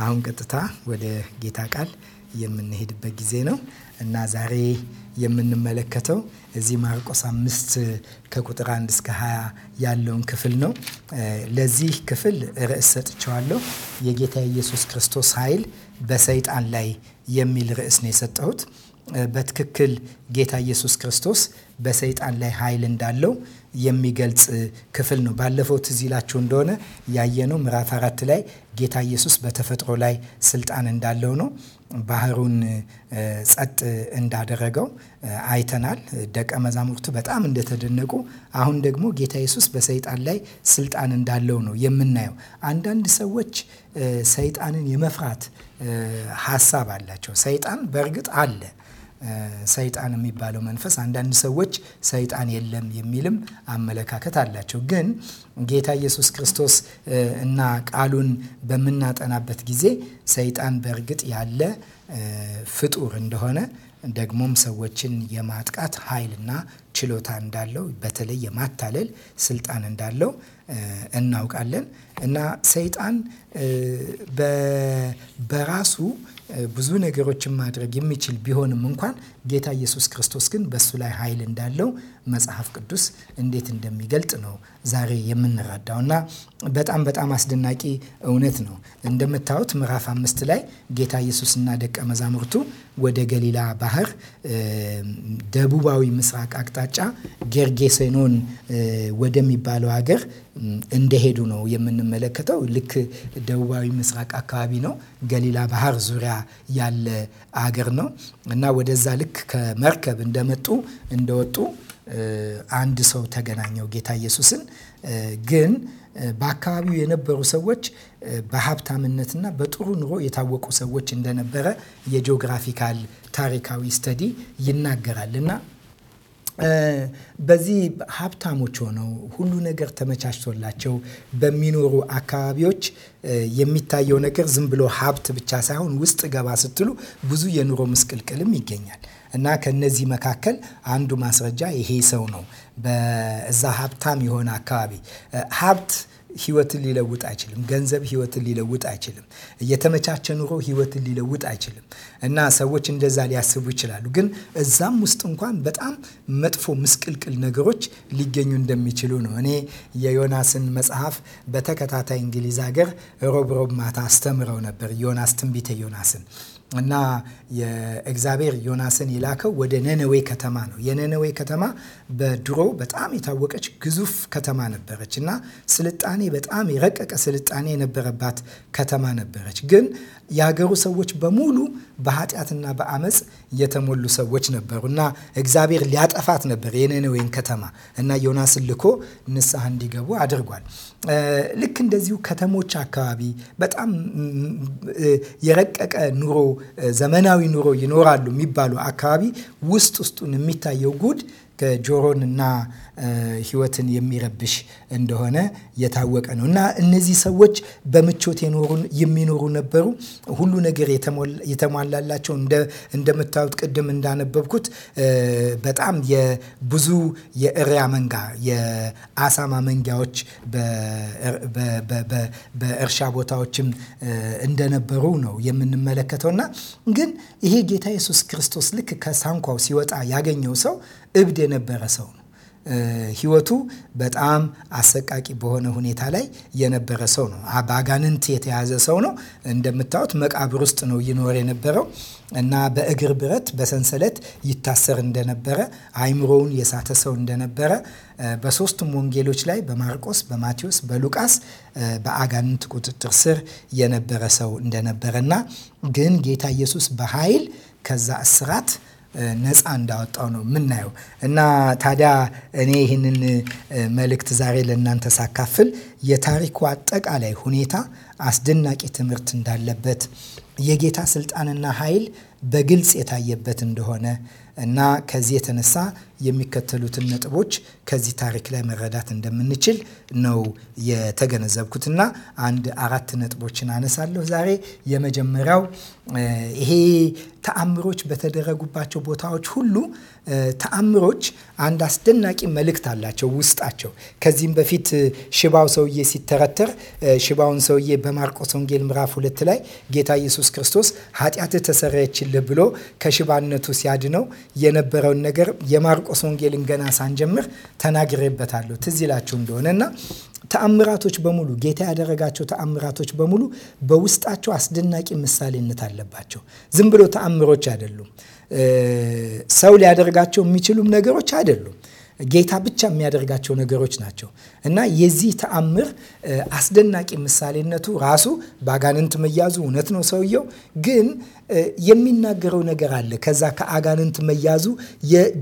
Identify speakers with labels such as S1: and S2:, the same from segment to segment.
S1: አሁን ቀጥታ ወደ ጌታ ቃል የምንሄድበት ጊዜ ነው እና ዛሬ የምንመለከተው እዚህ ማርቆስ አምስት ከቁጥር አንድ እስከ 20 ያለውን ክፍል ነው። ለዚህ ክፍል ርዕስ ሰጥቸዋለሁ። የጌታ ኢየሱስ ክርስቶስ ኃይል በሰይጣን ላይ የሚል ርዕስ ነው የሰጠሁት። በትክክል ጌታ ኢየሱስ ክርስቶስ በሰይጣን ላይ ኃይል እንዳለው የሚገልጽ ክፍል ነው። ባለፈው ትዝ ይላችሁ እንደሆነ ያየነው ምዕራፍ አራት ላይ ጌታ ኢየሱስ በተፈጥሮ ላይ ስልጣን እንዳለው ነው። ባህሩን ጸጥ እንዳደረገው አይተናል። ደቀ መዛሙርቱ በጣም እንደተደነቁ፣ አሁን ደግሞ ጌታ ኢየሱስ በሰይጣን ላይ ስልጣን እንዳለው ነው የምናየው። አንዳንድ ሰዎች ሰይጣንን የመፍራት ሀሳብ አላቸው። ሰይጣን በእርግጥ አለ ሰይጣን የሚባለው መንፈስ አንዳንድ ሰዎች ሰይጣን የለም የሚልም አመለካከት አላቸው። ግን ጌታ ኢየሱስ ክርስቶስ እና ቃሉን በምናጠናበት ጊዜ ሰይጣን በእርግጥ ያለ ፍጡር እንደሆነ ደግሞም ሰዎችን የማጥቃት ኃይልና ችሎታ እንዳለው በተለይ የማታለል ስልጣን እንዳለው እናውቃለን እና ሰይጣን በራሱ ብዙ ነገሮችን ማድረግ የሚችል ቢሆንም እንኳን ጌታ ኢየሱስ ክርስቶስ ግን በእሱ ላይ ኃይል እንዳለው መጽሐፍ ቅዱስ እንዴት እንደሚገልጥ ነው ዛሬ የምንረዳው እና በጣም በጣም አስደናቂ እውነት ነው። እንደምታዩት ምዕራፍ አምስት ላይ ጌታ ኢየሱስና ደቀ መዛሙርቱ ወደ ገሊላ ባህር ደቡባዊ ምስራቅ አቅጣጫ ጌርጌሴኖን ወደሚባለው ሀገር እንደሄዱ ነው የምንመለከተው። ልክ ደቡባዊ ምስራቅ አካባቢ ነው ገሊላ ባህር ዙሪያ ያለ አገር ነው እና ወደዛ ልክ ከመርከብ እንደመጡ እንደወጡ አንድ ሰው ተገናኘው ጌታ ኢየሱስን። ግን በአካባቢው የነበሩ ሰዎች በሀብታምነትና በጥሩ ኑሮ የታወቁ ሰዎች እንደነበረ የጂኦግራፊካል ታሪካዊ ስተዲ ይናገራል እና በዚህ ሀብታሞች ሆነው ሁሉ ነገር ተመቻችቶላቸው በሚኖሩ አካባቢዎች የሚታየው ነገር ዝም ብሎ ሀብት ብቻ ሳይሆን ውስጥ ገባ ስትሉ ብዙ የኑሮ ምስቅልቅልም ይገኛል እና ከነዚህ መካከል አንዱ ማስረጃ ይሄ ሰው ነው። በዛ ሀብታም የሆነ አካባቢ ሀብት ህይወትን ሊለውጥ አይችልም። ገንዘብ ህይወትን ሊለውጥ አይችልም። የተመቻቸ ኑሮ ህይወትን ሊለውጥ አይችልም። እና ሰዎች እንደዛ ሊያስቡ ይችላሉ። ግን እዛም ውስጥ እንኳን በጣም መጥፎ ምስቅልቅል ነገሮች ሊገኙ እንደሚችሉ ነው። እኔ የዮናስን መጽሐፍ በተከታታይ እንግሊዝ ሀገር ሮብ ሮብ ማታ አስተምረው ነበር። ዮናስ ትንቢተ ዮናስን እና የእግዚአብሔር ዮናስን የላከው ወደ ነነዌ ከተማ ነው። የነነዌ ከተማ በድሮ በጣም የታወቀች ግዙፍ ከተማ ነበረች እና ስልጣኔ በጣም የረቀቀ ስልጣኔ የነበረባት ከተማ ነበረች። ግን የሀገሩ ሰዎች በሙሉ በኃጢአትና በአመፅ የተሞሉ ሰዎች ነበሩ እና እግዚአብሔር ሊያጠፋት ነበር የነነዌን ከተማ እና ዮናስን ልኮ ንስሐ እንዲገቡ አድርጓል። ልክ እንደዚሁ ከተሞች አካባቢ በጣም የረቀቀ ኑሮ፣ ዘመናዊ ኑሮ ይኖራሉ የሚባሉ አካባቢ ውስጥ ውስጡን የሚታየው ጉድ ከጆሮን እና ህይወትን የሚረብሽ እንደሆነ የታወቀ ነው እና እነዚህ ሰዎች በምቾት የሚኖሩ ነበሩ። ሁሉ ነገር የተሟላላቸው እንደምታዩት ቅድም እንዳነበብኩት በጣም የብዙ የእሪያ መንጋ የአሳማ መንጋዎች በእርሻ ቦታዎችም እንደነበሩ ነው የምንመለከተውና ግን ይሄ ጌታ ኢየሱስ ክርስቶስ ልክ ከሳንኳው ሲወጣ ያገኘው ሰው እብድ የነበረ ሰው ነው። ህይወቱ በጣም አሰቃቂ በሆነ ሁኔታ ላይ የነበረ ሰው ነው። በአጋንንት የተያዘ ሰው ነው። እንደምታዩት መቃብር ውስጥ ነው ይኖር የነበረው እና በእግር ብረት በሰንሰለት ይታሰር እንደነበረ፣ አይምሮውን የሳተ ሰው እንደነበረ በሶስቱም ወንጌሎች ላይ በማርቆስ፣ በማቴዎስ፣ በሉቃስ በአጋንንት ቁጥጥር ስር የነበረ ሰው እንደነበረ እና ግን ጌታ ኢየሱስ በኃይል ከዛ እስራት ነፃ እንዳወጣው ነው የምናየው እና ታዲያ እኔ ይህንን መልእክት ዛሬ ለእናንተ ሳካፍል የታሪኩ አጠቃላይ ሁኔታ አስደናቂ ትምህርት እንዳለበት የጌታ ስልጣንና ኃይል በግልጽ የታየበት እንደሆነ እና ከዚህ የተነሳ የሚከተሉትን ነጥቦች ከዚህ ታሪክ ላይ መረዳት እንደምንችል ነው የተገነዘብኩትና አንድ አራት ነጥቦችን አነሳለሁ ዛሬ። የመጀመሪያው ይሄ ተአምሮች በተደረጉባቸው ቦታዎች ሁሉ ተአምሮች አንድ አስደናቂ መልእክት አላቸው ውስጣቸው። ከዚህም በፊት ሽባው ሰውዬ ሲተረተር ሽባውን ሰውዬ በማርቆስ ወንጌል ምዕራፍ ሁለት ላይ ጌታ ኢየሱስ ክርስቶስ ኃጢአት ተሰረየችልህ ብሎ ከሽባነቱ ሲያድነው የነበረውን ነገር የማርቆ የማርቆስ ወንጌልን ገና ሳንጀምር ተናግሬበታለሁ ትዝ ይላችሁ እንደሆነ እና ተአምራቶች በሙሉ ጌታ ያደረጋቸው ተአምራቶች በሙሉ በውስጣቸው አስደናቂ ምሳሌነት አለባቸው። ዝም ብሎ ተአምሮች አይደሉም። ሰው ሊያደርጋቸው የሚችሉም ነገሮች አይደሉም። ጌታ ብቻ የሚያደርጋቸው ነገሮች ናቸው እና የዚህ ተአምር አስደናቂ ምሳሌነቱ ራሱ በአጋንንት መያዙ እውነት ነው ሰውየው ግን የሚናገረው ነገር አለ ከዛ ከአጋንንት መያዙ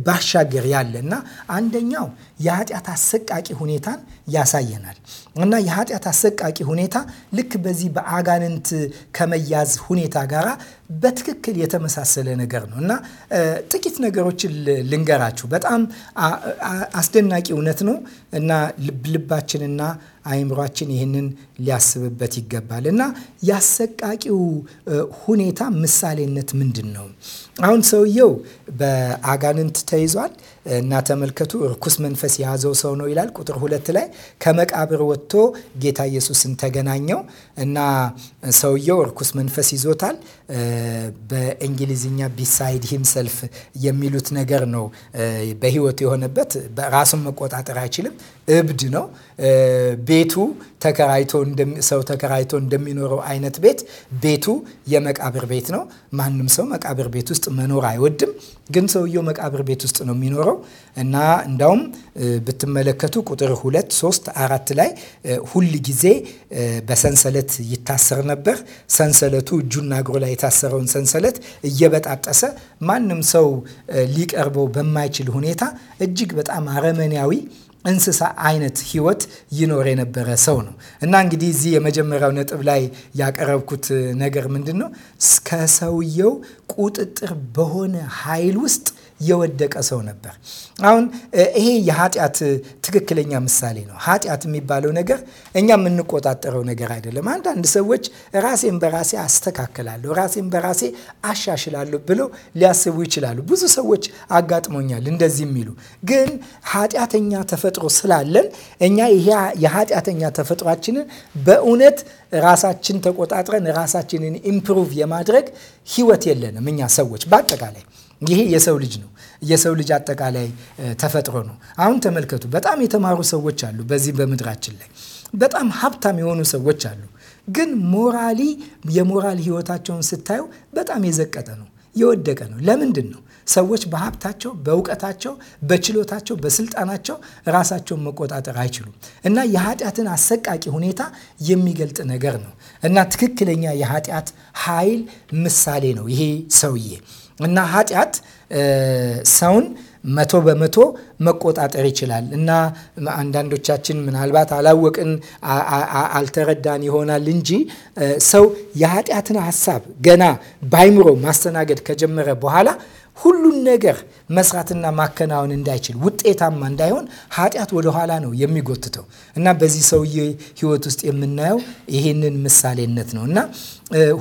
S1: ባሻገር ያለ እና አንደኛው የኃጢአት አሰቃቂ ሁኔታን ያሳየናል እና የኃጢአት አሰቃቂ ሁኔታ ልክ በዚህ በአጋንንት ከመያዝ ሁኔታ ጋራ በትክክል የተመሳሰለ ነገር ነው እና ጥቂት ነገሮችን ልንገራችሁ። በጣም አስደናቂ እውነት ነው እና ልባችንና አይምሯችን ይህንን ሊያስብበት ይገባል እና የአሰቃቂው ሁኔታ ምሳሌነት ምንድን ነው? አሁን ሰውየው በአጋንንት ተይዟል እና ተመልከቱ፣ እርኩስ መንፈስ የያዘው ሰው ነው ይላል። ቁጥር ሁለት ላይ ከመቃብር ወጥቶ ጌታ ኢየሱስን ተገናኘው እና ሰውየው እርኩስ መንፈስ ይዞታል። በእንግሊዝኛ ቢሳይድ ሂምሰልፍ የሚሉት ነገር ነው። በህይወቱ የሆነበት ራሱን መቆጣጠር አይችልም፣ እብድ ነው ቤቱ ተከራይቶ ሰው ተከራይቶ እንደሚኖረው አይነት ቤት ቤቱ የመቃብር ቤት ነው። ማንም ሰው መቃብር ቤት ውስጥ መኖር አይወድም። ግን ሰውየው መቃብር ቤት ውስጥ ነው የሚኖረው እና እንዳውም ብትመለከቱ ቁጥር ሁለት ሶስት አራት ላይ ሁል ጊዜ በሰንሰለት ይታሰር ነበር። ሰንሰለቱ እጁና እግሩ ላይ የታሰረውን ሰንሰለት እየበጣጠሰ ማንም ሰው ሊቀርበው በማይችል ሁኔታ እጅግ በጣም አረመኔያዊ እንስሳ አይነት ህይወት ይኖር የነበረ ሰው ነው እና እንግዲህ እዚህ የመጀመሪያው ነጥብ ላይ ያቀረብኩት ነገር ምንድን ነው? ከሰውየው ቁጥጥር በሆነ ኃይል ውስጥ የወደቀ ሰው ነበር። አሁን ይሄ የኃጢአት ትክክለኛ ምሳሌ ነው። ኃጢአት የሚባለው ነገር እኛ የምንቆጣጠረው ነገር አይደለም። አንዳንድ ሰዎች ራሴን በራሴ አስተካክላለሁ፣ ራሴን በራሴ አሻሽላለሁ ብለው ሊያስቡ ይችላሉ። ብዙ ሰዎች አጋጥሞኛል እንደዚህ የሚሉ ግን ኃጢአተኛ ተፈጥሮ ስላለን እኛ ይሄ የኃጢአተኛ ተፈጥሯችንን በእውነት ራሳችን ተቆጣጥረን ራሳችንን ኢምፕሩቭ የማድረግ ህይወት የለንም እኛ ሰዎች በአጠቃላይ ይሄ የሰው ልጅ ነው። የሰው ልጅ አጠቃላይ ተፈጥሮ ነው። አሁን ተመልከቱ። በጣም የተማሩ ሰዎች አሉ። በዚህ በምድራችን ላይ በጣም ሀብታም የሆኑ ሰዎች አሉ። ግን ሞራሊ የሞራል ህይወታቸውን ስታዩ በጣም የዘቀጠ ነው፣ የወደቀ ነው። ለምንድን ነው? ሰዎች በሀብታቸው፣ በእውቀታቸው፣ በችሎታቸው፣ በስልጣናቸው ራሳቸውን መቆጣጠር አይችሉም እና የኃጢአትን አሰቃቂ ሁኔታ የሚገልጥ ነገር ነው እና ትክክለኛ የኃጢአት ኃይል ምሳሌ ነው ይሄ ሰውዬ እና ኃጢአት ሰውን መቶ በመቶ መቆጣጠር ይችላል እና አንዳንዶቻችን ምናልባት አላወቅን አልተረዳን ይሆናል እንጂ ሰው የኃጢአትን ሀሳብ ገና ባይምሮ ማስተናገድ ከጀመረ በኋላ ሁሉን ነገር መስራትና ማከናወን እንዳይችል ውጤታማ እንዳይሆን ኃጢአት ወደኋላ ነው የሚጎትተው እና በዚህ ሰውዬ ህይወት ውስጥ የምናየው ይሄንን ምሳሌነት ነው እና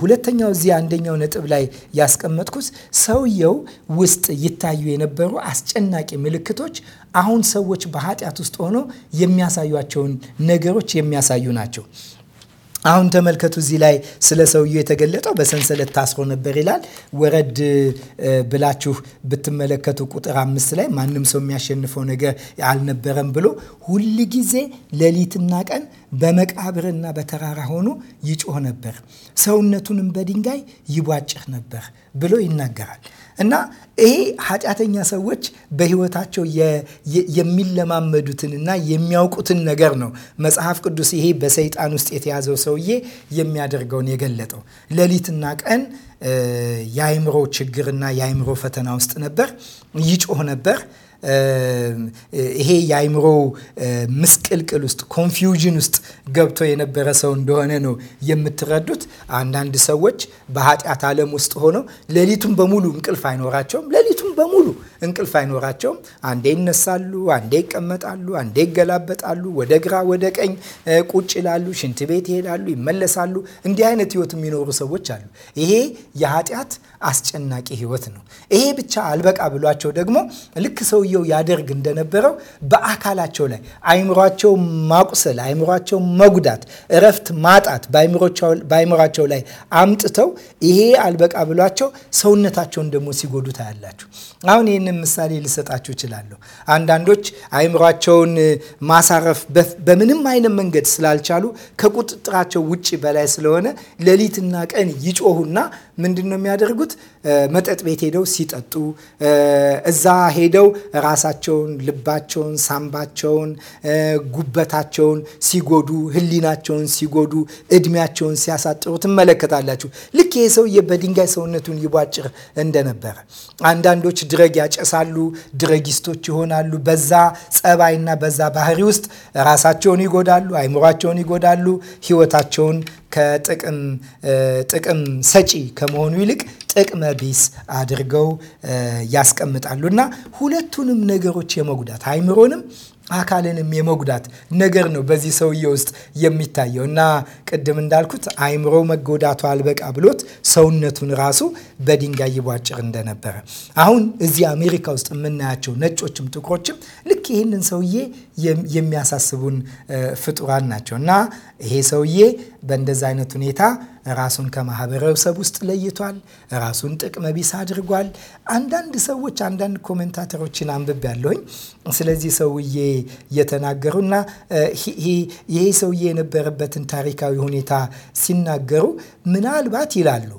S1: ሁለተኛው እዚህ አንደኛው ነጥብ ላይ ያስቀመጥኩት ሰውየው ውስጥ ይታዩ የነበሩ አስጨናቂ ምልክቶች አሁን ሰዎች በኃጢአት ውስጥ ሆነው የሚያሳዩቸውን ነገሮች የሚያሳዩ ናቸው። አሁን ተመልከቱ እዚህ ላይ ስለ ሰውየው የተገለጠው በሰንሰለት ታስሮ ነበር ይላል። ወረድ ብላችሁ ብትመለከቱ ቁጥር አምስት ላይ ማንም ሰው የሚያሸንፈው ነገር አልነበረም ብሎ ጊዜ ሌሊትና ቀን በመቃብርና በተራራ ሆኖ ይጮህ ነበር፣ ሰውነቱንም በድንጋይ ይቧጭህ ነበር ብሎ ይናገራል። እና ይሄ ኃጢአተኛ ሰዎች በህይወታቸው የሚለማመዱትንና የሚያውቁትን ነገር ነው መጽሐፍ ቅዱስ ይሄ በሰይጣን ውስጥ የተያዘው ሰውዬ የሚያደርገውን የገለጠው። ሌሊትና ቀን የአይምሮ ችግርና የአይምሮ ፈተና ውስጥ ነበር፣ ይጮህ ነበር ይሄ የአይምሮ ምስቅልቅል ውስጥ ኮንፊውዥን ውስጥ ገብቶ የነበረ ሰው እንደሆነ ነው የምትረዱት። አንዳንድ ሰዎች በኃጢአት ዓለም ውስጥ ሆነው ሌሊቱን በሙሉ እንቅልፍ አይኖራቸውም። ሌሊቱን በሙሉ እንቅልፍ አይኖራቸውም። አንዴ ይነሳሉ፣ አንዴ ይቀመጣሉ፣ አንዴ ይገላበጣሉ፣ ወደ ግራ ወደ ቀኝ ቁጭ ይላሉ፣ ሽንት ቤት ይሄዳሉ፣ ይመለሳሉ። እንዲህ አይነት ህይወት የሚኖሩ ሰዎች አሉ። ይሄ የኃጢአት አስጨናቂ ህይወት ነው። ይሄ ብቻ አልበቃ ብሏቸው ደግሞ ልክ ሰውየው ያደርግ እንደነበረው በአካላቸው ላይ አይምሯቸው ማቁሰል፣ አይምሯቸው መጉዳት፣ እረፍት ማጣት በአይምሯቸው ላይ አምጥተው ይሄ አልበቃ ብሏቸው ሰውነታቸውን ደግሞ ሲጎዱ ታያላችሁ። አሁን ይህን ይህንን ምሳሌ ልሰጣችሁ እችላለሁ። አንዳንዶች አይምሯቸውን ማሳረፍ በምንም አይነት መንገድ ስላልቻሉ ከቁጥጥራቸው ውጭ በላይ ስለሆነ ሌሊትና ቀን ይጮሁና ምንድን ነው የሚያደርጉት? መጠጥ ቤት ሄደው ሲጠጡ፣ እዛ ሄደው ራሳቸውን፣ ልባቸውን፣ ሳምባቸውን፣ ጉበታቸውን ሲጎዱ፣ ህሊናቸውን ሲጎዱ፣ እድሜያቸውን ሲያሳጥሩ ትመለከታላችሁ። ልክ ይህ ሰውዬ በድንጋይ ሰውነቱን ይቧጭር እንደነበረ። አንዳንዶች ድረግ ያጨሳሉ፣ ድረጊስቶች ይሆናሉ። በዛ ጸባይና በዛ ባህሪ ውስጥ ራሳቸውን ይጎዳሉ፣ አይምሯቸውን ይጎዳሉ፣ ህይወታቸውን ከጥቅም ጥቅም ሰጪ ከመሆኑ ይልቅ ጥቅመ ቢስ አድርገው ያስቀምጣሉ እና ሁለቱንም ነገሮች የመጉዳት አይምሮንም አካልንም የመጉዳት ነገር ነው በዚህ ሰውዬ ውስጥ የሚታየው እና ቅድም እንዳልኩት አይምሮ መጎዳቱ አልበቃ ብሎት ሰውነቱን ራሱ በድንጋይ ይቧጭር እንደነበረ አሁን እዚህ አሜሪካ ውስጥ የምናያቸው ነጮችም ጥቁሮችም ልክ ይህንን ሰውዬ የሚያሳስቡን ፍጡራን ናቸው እና ይሄ ሰውዬ በእንደዚ አይነት ሁኔታ ራሱን ከማህበረሰብ ውስጥ ለይቷል። ራሱን ጥቅመ ቢስ አድርጓል። አንዳንድ ሰዎች አንዳንድ ኮሜንታተሮችን አንብብ ያለሁኝ ስለዚህ ሰውዬ እየተናገሩና ይሄ ሰውዬ የነበረበትን ታሪካዊ ሁኔታ ሲናገሩ ምናልባት ይላሉ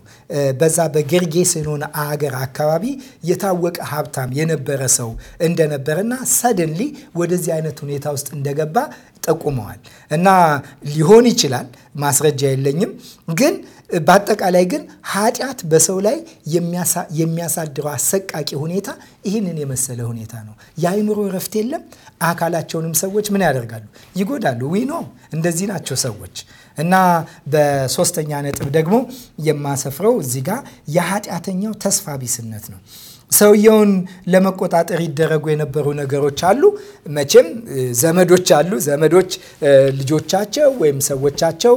S1: በዛ በጌርጌሴኖን አገር አካባቢ የታወቀ ሀብታም የነበረ ሰው እንደነበረና ሰደንሊ ወደዚህ አይነት ሁኔታ ውስጥ እንደገባ ጠቁመዋል እና ሊሆን ይችላል ማስረጃ የለኝም። ግን በአጠቃላይ ግን ኃጢአት በሰው ላይ የሚያሳድረው አሰቃቂ ሁኔታ ይህንን የመሰለ ሁኔታ ነው። የአይምሮ እረፍት የለም። አካላቸውንም ሰዎች ምን ያደርጋሉ? ይጎዳሉ። ዊኖ እንደዚህ ናቸው ሰዎች እና በሶስተኛ ነጥብ ደግሞ የማሰፍረው እዚህ ጋር የኃጢአተኛው ተስፋ ቢስነት ነው። ሰውየውን ለመቆጣጠር ይደረጉ የነበሩ ነገሮች አሉ። መቼም ዘመዶች አሉ። ዘመዶች ልጆቻቸው ወይም ሰዎቻቸው፣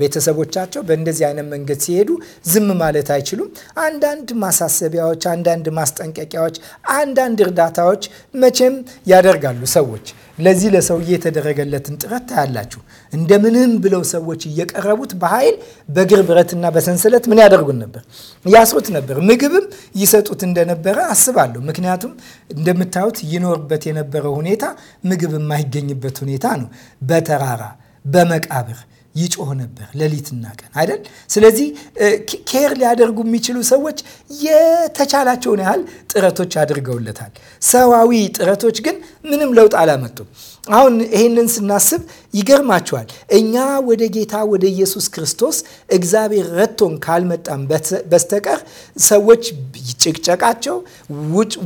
S1: ቤተሰቦቻቸው በእንደዚህ አይነት መንገድ ሲሄዱ ዝም ማለት አይችሉም። አንዳንድ ማሳሰቢያዎች፣ አንዳንድ ማስጠንቀቂያዎች፣ አንዳንድ እርዳታዎች መቼም ያደርጋሉ ሰዎች። ለዚህ ለሰውዬ የተደረገለትን ጥረት ታያላችሁ። እንደምንም ብለው ሰዎች እየቀረቡት በኃይል በእግር ብረትና በሰንሰለት ምን ያደርጉን ነበር? ያስሩት ነበር። ምግብም ይሰጡት እንደነበረ አስባለሁ። ምክንያቱም እንደምታዩት ይኖርበት የነበረው ሁኔታ ምግብ የማይገኝበት ሁኔታ ነው። በተራራ በመቃብር ይጮህ ነበር ሌሊትና ቀን አይደል? ስለዚህ ኬር ሊያደርጉ የሚችሉ ሰዎች የተቻላቸውን ያህል ጥረቶች አድርገውለታል። ሰዋዊ ጥረቶች ግን ምንም ለውጥ አላመጡም። አሁን ይህንን ስናስብ ይገርማችኋል። እኛ ወደ ጌታ ወደ ኢየሱስ ክርስቶስ እግዚአብሔር ረድቶን ካልመጣም በስተቀር ሰዎች ጭቅጨቃቸው፣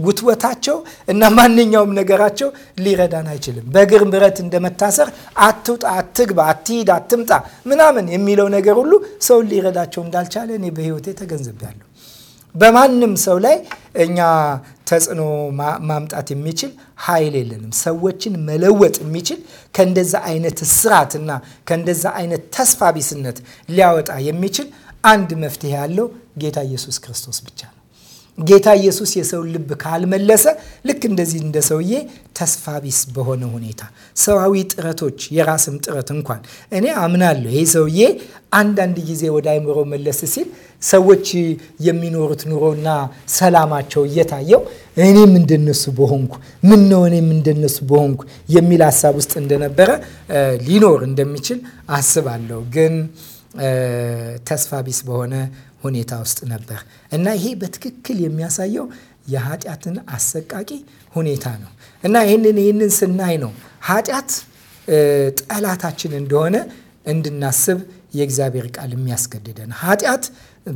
S1: ውትወታቸው እና ማንኛውም ነገራቸው ሊረዳን አይችልም። በእግር ብረት እንደመታሰር አትውጣ፣ አትግባ፣ አትሂድ፣ አትምጣ ምናምን የሚለው ነገር ሁሉ ሰውን ሊረዳቸው እንዳልቻለ እኔ በህይወቴ ተገንዝቤያለሁ። በማንም ሰው ላይ እኛ ተጽዕኖ ማምጣት የሚችል ኃይል የለንም። ሰዎችን መለወጥ የሚችል ከእንደዛ አይነት ስራትና ከእንደዛ አይነት ተስፋ ቢስነት ሊያወጣ የሚችል አንድ መፍትሄ ያለው ጌታ ኢየሱስ ክርስቶስ ብቻ ነው። ጌታ ኢየሱስ የሰው ልብ ካልመለሰ ልክ እንደዚህ እንደ ሰውዬ ተስፋ ቢስ በሆነ ሁኔታ ሰዋዊ ጥረቶች የራስም ጥረት እንኳን እኔ አምናለሁ። ይህ ሰውዬ አንዳንድ ጊዜ ወደ አይምሮ መለስ ሲል ሰዎች የሚኖሩት ኑሮና ሰላማቸው እየታየው እኔም እንደነሱ በሆንኩ ምን ነው እኔም እንደነሱ በሆንኩ የሚል ሀሳብ ውስጥ እንደነበረ ሊኖር እንደሚችል አስባለሁ ግን ተስፋ ቢስ በሆነ ሁኔታ ውስጥ ነበር እና ይሄ በትክክል የሚያሳየው የኃጢአትን አሰቃቂ ሁኔታ ነው እና ይህንን ይህንን ስናይ ነው ኃጢአት ጠላታችን እንደሆነ እንድናስብ የእግዚአብሔር ቃል የሚያስገድደን። ኃጢአት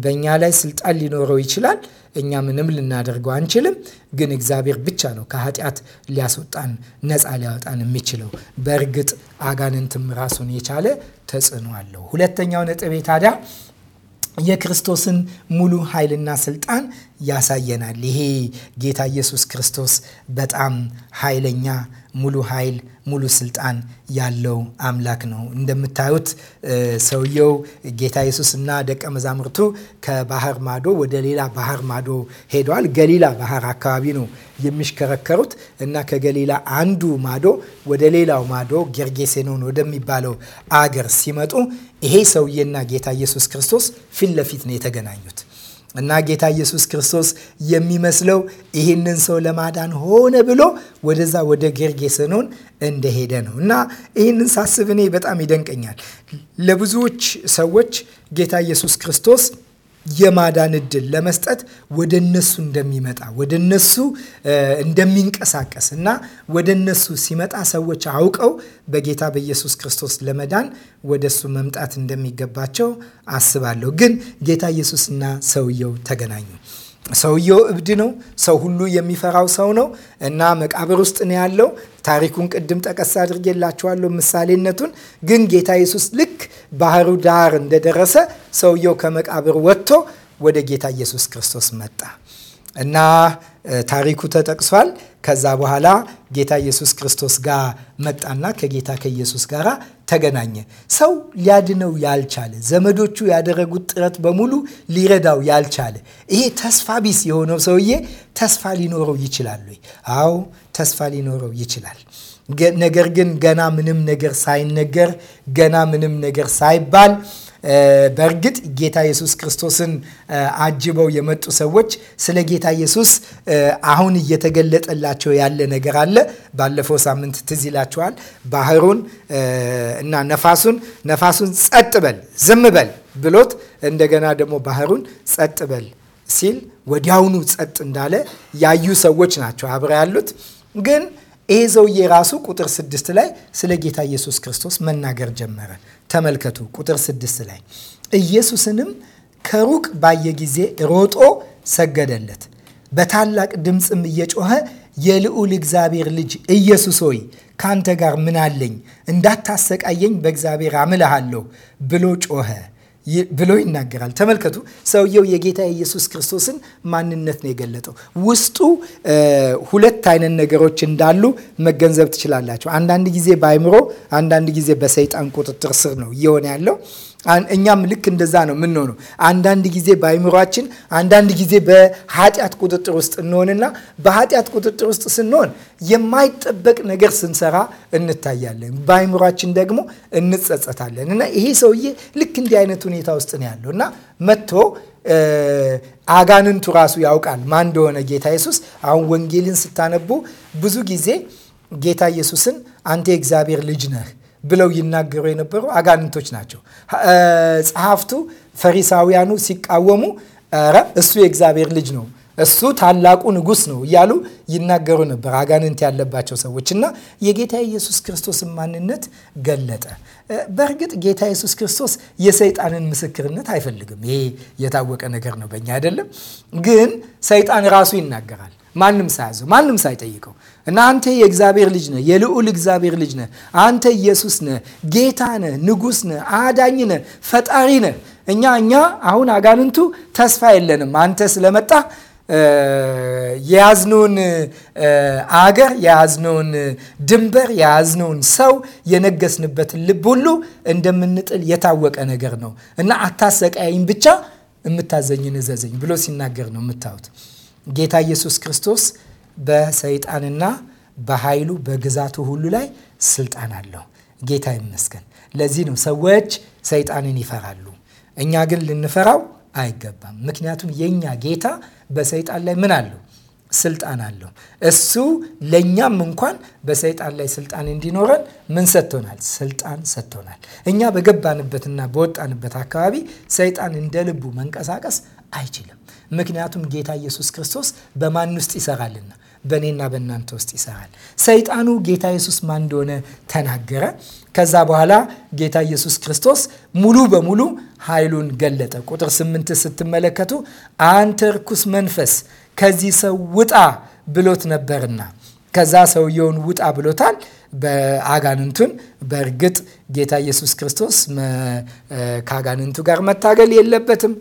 S1: በእኛ ላይ ስልጣን ሊኖረው ይችላል። እኛ ምንም ልናደርገው አንችልም። ግን እግዚአብሔር ብቻ ነው ከኃጢአት ሊያስወጣን ነፃ ሊያወጣን የሚችለው። በእርግጥ አጋንንትም ራሱን የቻለ ተጽዕኖ አለው። ሁለተኛው ነጥቤ ታዲያ የክርስቶስን ሙሉ ኃይልና ስልጣን ያሳየናል። ይሄ ጌታ ኢየሱስ ክርስቶስ በጣም ኃይለኛ ሙሉ ኃይል ሙሉ ስልጣን ያለው አምላክ ነው። እንደምታዩት ሰውየው ጌታ ኢየሱስ እና ደቀ መዛሙርቱ ከባህር ማዶ ወደ ሌላ ባህር ማዶ ሄደዋል። ገሊላ ባህር አካባቢ ነው የሚሽከረከሩት እና ከገሊላ አንዱ ማዶ ወደ ሌላው ማዶ ጌርጌሴኖን ወደሚባለው አገር ሲመጡ ይሄ ሰውዬና ጌታ ኢየሱስ ክርስቶስ ፊት ለፊት ነው የተገናኙት እና ጌታ ኢየሱስ ክርስቶስ የሚመስለው ይህንን ሰው ለማዳን ሆነ ብሎ ወደዛ ወደ ጌርጌሰኖን እንደሄደ ነው። እና ይህንን ሳስብ እኔ በጣም ይደንቀኛል። ለብዙዎች ሰዎች ጌታ ኢየሱስ ክርስቶስ የማዳን እድል ለመስጠት ወደ እነሱ እንደሚመጣ ወደ እነሱ እንደሚንቀሳቀስ እና ወደ እነሱ ሲመጣ ሰዎች አውቀው በጌታ በኢየሱስ ክርስቶስ ለመዳን ወደ እሱ መምጣት እንደሚገባቸው አስባለሁ። ግን ጌታ ኢየሱስና ሰውየው ተገናኙ። ሰውየው እብድ ነው። ሰው ሁሉ የሚፈራው ሰው ነው እና መቃብር ውስጥ ነው ያለው። ታሪኩን ቅድም ጠቀስ አድርጌላችኋለሁ ምሳሌነቱን። ግን ጌታ ኢየሱስ ልክ ባህሩ ዳር እንደደረሰ ሰውየው ከመቃብር ወጥቶ ወደ ጌታ ኢየሱስ ክርስቶስ መጣ እና ታሪኩ ተጠቅሷል። ከዛ በኋላ ጌታ ኢየሱስ ክርስቶስ ጋር መጣና ከጌታ ከኢየሱስ ጋር ተገናኘ። ሰው ሊያድነው ያልቻለ ዘመዶቹ ያደረጉት ጥረት በሙሉ ሊረዳው ያልቻለ ይሄ ተስፋ ቢስ የሆነው ሰውዬ ተስፋ ሊኖረው ይችላል ወይ? አዎ ተስፋ ሊኖረው ይችላል። ነገር ግን ገና ምንም ነገር ሳይነገር ገና ምንም ነገር ሳይባል በእርግጥ ጌታ ኢየሱስ ክርስቶስን አጅበው የመጡ ሰዎች ስለ ጌታ ኢየሱስ አሁን እየተገለጠላቸው ያለ ነገር አለ። ባለፈው ሳምንት ትዝ ይላችኋል። ባህሩን እና ነፋሱን ነፋሱን ጸጥ በል ዝም በል ብሎት እንደገና ደግሞ ባህሩን ጸጥ በል ሲል ወዲያውኑ ጸጥ እንዳለ ያዩ ሰዎች ናቸው አብረው ያሉት ግን ይሄ ሰውዬ ራሱ ቁጥር ስድስት ላይ ስለ ጌታ ኢየሱስ ክርስቶስ መናገር ጀመረ። ተመልከቱ ቁጥር ስድስት ላይ ኢየሱስንም ከሩቅ ባየ ጊዜ ሮጦ ሰገደለት። በታላቅ ድምፅም እየጮኸ የልዑል እግዚአብሔር ልጅ ኢየሱስ ሆይ ካንተ ጋር ምን አለኝ? እንዳታሰቃየኝ በእግዚአብሔር አምልሃለሁ ብሎ ጮኸ። ብሎ ይናገራል። ተመልከቱ፣ ሰውየው የጌታ የኢየሱስ ክርስቶስን ማንነት ነው የገለጠው። ውስጡ ሁለት አይነት ነገሮች እንዳሉ መገንዘብ ትችላላቸው። አንዳንድ ጊዜ በአይምሮ፣ አንዳንድ ጊዜ በሰይጣን ቁጥጥር ስር ነው እየሆነ ያለው እኛም ልክ እንደዛ ነው የምንሆነው። አንዳንድ ጊዜ በአይምሯችን፣ አንዳንድ ጊዜ በኃጢአት ቁጥጥር ውስጥ እንሆንና በኃጢአት ቁጥጥር ውስጥ ስንሆን የማይጠበቅ ነገር ስንሰራ እንታያለን። በአይምሯችን ደግሞ እንጸጸታለን። እና ይሄ ሰውዬ ልክ እንዲህ አይነት ሁኔታ ውስጥ ነው ያለው እና መጥቶ አጋንንቱ ራሱ ያውቃል ማን እንደሆነ ጌታ ኢየሱስ። አሁን ወንጌልን ስታነቡ ብዙ ጊዜ ጌታ ኢየሱስን አንተ የእግዚአብሔር ልጅ ነህ ብለው ይናገሩ የነበሩ አጋንንቶች ናቸው። ጸሐፍቱ ፈሪሳውያኑ ሲቃወሙ ኧረ እሱ የእግዚአብሔር ልጅ ነው እሱ ታላቁ ንጉስ ነው እያሉ ይናገሩ ነበር። አጋንንት ያለባቸው ሰዎች እና የጌታ ኢየሱስ ክርስቶስን ማንነት ገለጠ። በእርግጥ ጌታ ኢየሱስ ክርስቶስ የሰይጣንን ምስክርነት አይፈልግም። ይሄ የታወቀ ነገር ነው በእኛ አይደለም። ግን ሰይጣን ራሱ ይናገራል ማንም ሳያዘው ማንም ሳይጠይቀው እና አንተ የእግዚአብሔር ልጅ ነህ፣ የልዑል እግዚአብሔር ልጅ ነህ፣ አንተ ኢየሱስ ነህ፣ ጌታ ነህ፣ ንጉስ ነህ፣ አዳኝ ነህ፣ ፈጣሪ ነህ። እኛ እኛ አሁን አጋንንቱ ተስፋ የለንም አንተ ስለመጣ የያዝነውን አገር የያዝነውን ድንበር የያዝነውን ሰው የነገስንበትን ልብ ሁሉ እንደምንጥል የታወቀ ነገር ነው እና አታሰቃይኝ ብቻ የምታዘኝን እዘዘኝ ብሎ ሲናገር ነው የምታዩት። ጌታ ኢየሱስ ክርስቶስ በሰይጣንና በኃይሉ በግዛቱ ሁሉ ላይ ስልጣን አለው። ጌታ ይመስገን። ለዚህ ነው ሰዎች ሰይጣንን ይፈራሉ። እኛ ግን ልንፈራው አይገባም። ምክንያቱም የእኛ ጌታ በሰይጣን ላይ ምን አለው? ስልጣን አለው። እሱ ለእኛም እንኳን በሰይጣን ላይ ስልጣን እንዲኖረን ምን ሰጥቶናል? ስልጣን ሰጥቶናል። እኛ በገባንበትና በወጣንበት አካባቢ ሰይጣን እንደ ልቡ መንቀሳቀስ አይችልም። ምክንያቱም ጌታ ኢየሱስ ክርስቶስ በማን ውስጥ ይሰራልና? በእኔና በእናንተ ውስጥ ይሰራል። ሰይጣኑ ጌታ ኢየሱስ ማን እንደሆነ ተናገረ። ከዛ በኋላ ጌታ ኢየሱስ ክርስቶስ ሙሉ በሙሉ ኃይሉን ገለጠ። ቁጥር ስምንት ስትመለከቱ አንተ ርኩስ መንፈስ ከዚህ ሰው ውጣ ብሎት ነበርና ከዛ ሰውየውን ውጣ ብሎታል። በአጋንንቱን በእርግጥ ጌታ ኢየሱስ ክርስቶስ ከአጋንንቱ ጋር መታገል የለበትም።